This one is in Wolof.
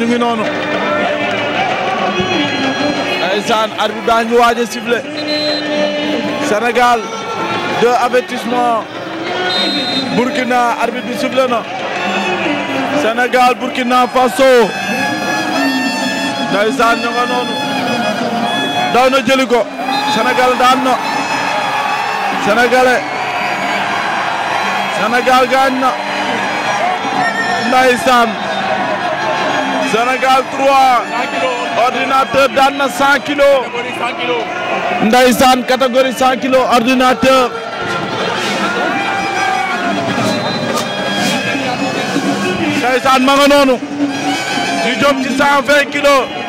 ñu ngi noonu. ndeysaan arbitre baa ngi waaj a sifflé Sénégal deux Burkina arbitre bi sifflé na Burkina Faso ndeysaan ñu nga noonu daw ko Sénégal daan Sénégal 3 ordinateur daan na 100 kilos ndeysaan catégorie 100 kilos ordinateur ndeysaan ma nga noonu ñu jëm ci